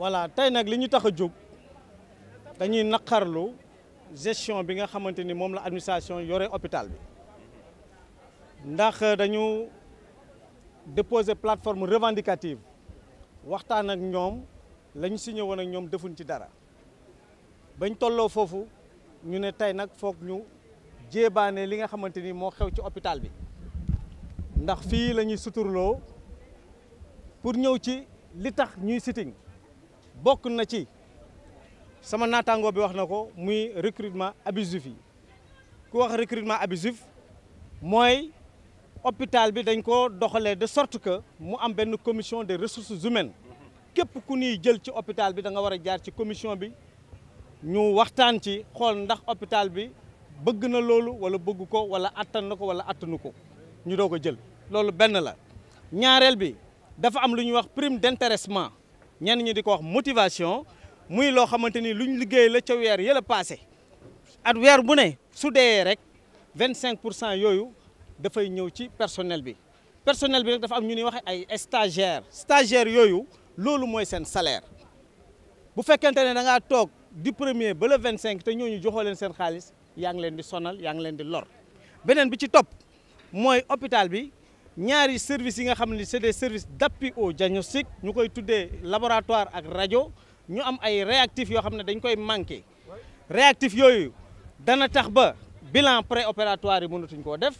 voilà tey nag li ñu tax a jóg dañuy naqarlu gestion bi nga xamante ni moom la administration yore hôpital bi ndax dañu déposer plateforme revendicative waxtaan ak ñoom la ñu signé ak ñoom defuñ ci dara bañ tolloo foofu ñu ne tey nag foog ñu jéebaane li nga xamante ni moo xew ci hôpital bi ndax fii la ñuy suturloo pour ñëw ci li tax ñuy sitting bokk na ci sama naataangoo bi wax na ko muy recrutement abusif yi ku wax recrutement abusif mooy hôpital bi dañ ko doxalee de sorte que mu am benn commission des ressources humaines képp ku ñuy jël ci hôpital bi da nga war a jaar ci commission bi ñu waxtaan ci xool ndax hôpital bi bëgg na loolu wala bëgg ko wala attan ko wala attanu ko ñu doog ko jël loolu benn la ñaareel bi dafa am lu ñuy wax prime d'intéressement ñenn ñi di ko wax motivation muy loo xamante ni ñu liggéey la ca weer yële passé at weer bu ne su dee rek vingt cinq pour cent yooyu dafay ñëw ci personnel bi personnel bi rek dafa am ñu ñuy waxee ay stagiaires stagiaires yooyu loolu mooy seen salaire bu fekkente ne da toog di premier ba le vingt cinq te ñooñu joxoo leen seen xaalis yaa ngi leen di sonal yaa ngi leen di lor beneen bi ci topp mooy hôpital bi ñaari services yi nga xam ne c'est des services d'appui au diagnostic ñu koy tuddee laboratoire ak rajo ñu am ay réactifs yoo xam ne dañ koy manqué réactifs yooyu dana tax ba bilan préopératoire yi mënatuñ koo def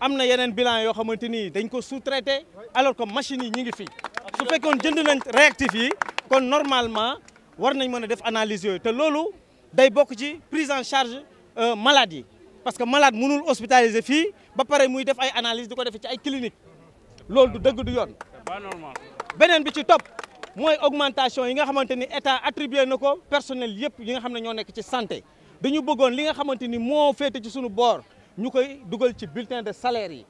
am na yeneen bilan yoo xamante ni dañ ko sous-traité alors que machines yi ñu ngi fi su fekkoon jënd nañ réactifs yi kon normalement war nañ mën a def analyse yooyu te loolu day bokk ci prise en charge euh, maladie parce que malaat mënul hospitaliser fii ba pare muy def ay analyse di ko defee ci ay clinique loolu du dëgg du yoon beneen bi ci topp mooy augmentation yi nga xamante ni état attribué na ko personnel yëpp yi nga xam ne ñoo nekk ci santé dañu bëggoon li nga xamante ni moo féete ci suñu boor ñu koy dugal ci bulletin de salaire yi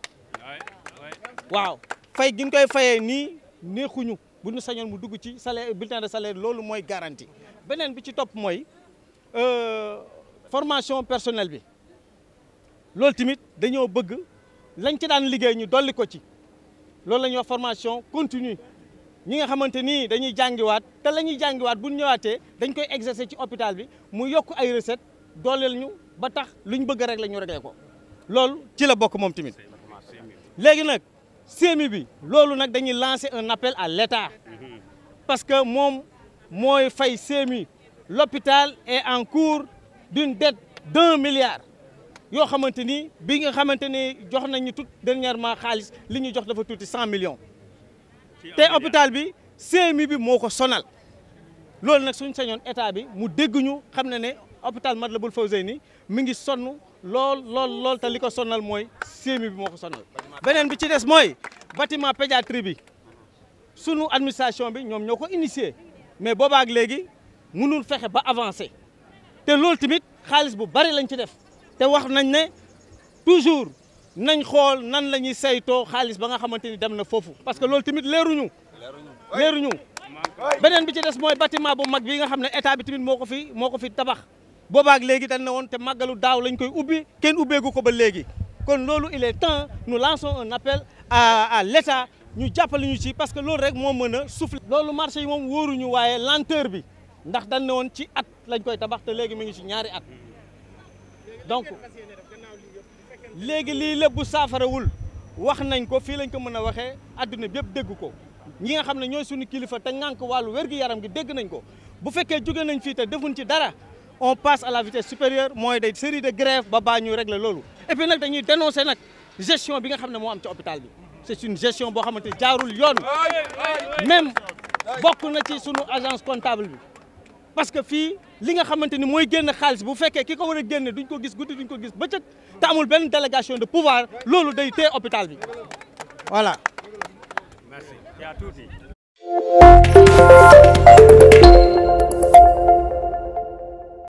waaw fay gi ñu koy fayee nii neexuñu bu ñu sañoon mu dugg ci salaire bulletin de salaire loolu mooy garantie beneen bi ci topp mooy euh, formation personnel bi loolu tamit dañoo bëgg lañ ci daan liggéey ñu dolli ko ci loolu la ñuy wax formation continue ñi nga xamante ni dañuy jàngiwaat te la ñuy jàngiwaat bu ñëwaatee dañ koy exercer ci hopital bi mu yokk ay recette dooleel ñu ba tax luñ bëgg rek la ñu réglé ko loolu ci la bokk moom tamit léegi nag CMU bi loolu nag dañuy lancer un appel à l'État parce que moom mooy fay CMU l'hôpital et en cours du dette d'un milliard yoo xamante ni bi nga xamante ni jox nañu tout dernièrement xaalis li ñu jox dafa tuuti cent millions te hôpital bi CMU bi moo ko sonal loolu nag suñ sañoon état bi mu dégg ñu xam ne ne hôpital Matlaboul Fawzeyni mi ngi sonn lool lool lool li ko sonal mooy CMU bi moo ko sonal beneen bi ci des mooy bâtiment pédiatrie bi sunu administration bi ñoom ñoo ko initié mais boobaak léegi mënul fexe ba avancé te loolu tamit xaalis bu bari lañ ci def te wax nañ ne toujours nañ xool nan la ñuy saytoo xaalis ba nga xamante ni dem na foofu parce que loolu tamit leeruñu leeruñu beneen bi ci des mooy bâtiment bu mag bi nga xam ne état bi tamit moo ko fi moo ko fi tabax boobaak léegi dañ ne woon te màggalu daaw lañ koy ubbi kenn ubbeegu ko ba léegi kon loolu il est temps nous lançons un appel a à ñu jàppale ñu ci parce que loolu rek moo mën a souffler loolu marché yi moom wóoruñu waaye lenteur bi ndax dan ne woon ci at lañ koy tabax léegi mu ngi ci ñaari at donc léegi lii lépp bu saafarawul wax nañ ko fii lañ ko mën a waxee adduna bi yëpp dégg ko ñi nga xam ne ñooy suñu kilifa te ŋànk wàllu wér-gu-yaram gi dégg nañ ko bu fekkee jóge nañ fii te defuñ ci dara on passe à la vitesse supérieure mooy day série de grève ba baa ñuy régler loolu et puis nag dañuy dénoncer nag gestion bi nga xam ne moo am ci hôpital bi c'est une gestion boo xamante jaarul yoon même bokk na ci sunu agence comptable bi parce que fii li nga xamante ni mooy génn xaalis bu fekkee ki ko war a génne duñ ko gis guddi duñ ko gis bëccëg te amul benn délégation de pouvoir loolu day téye hôpital bi voilà. merci.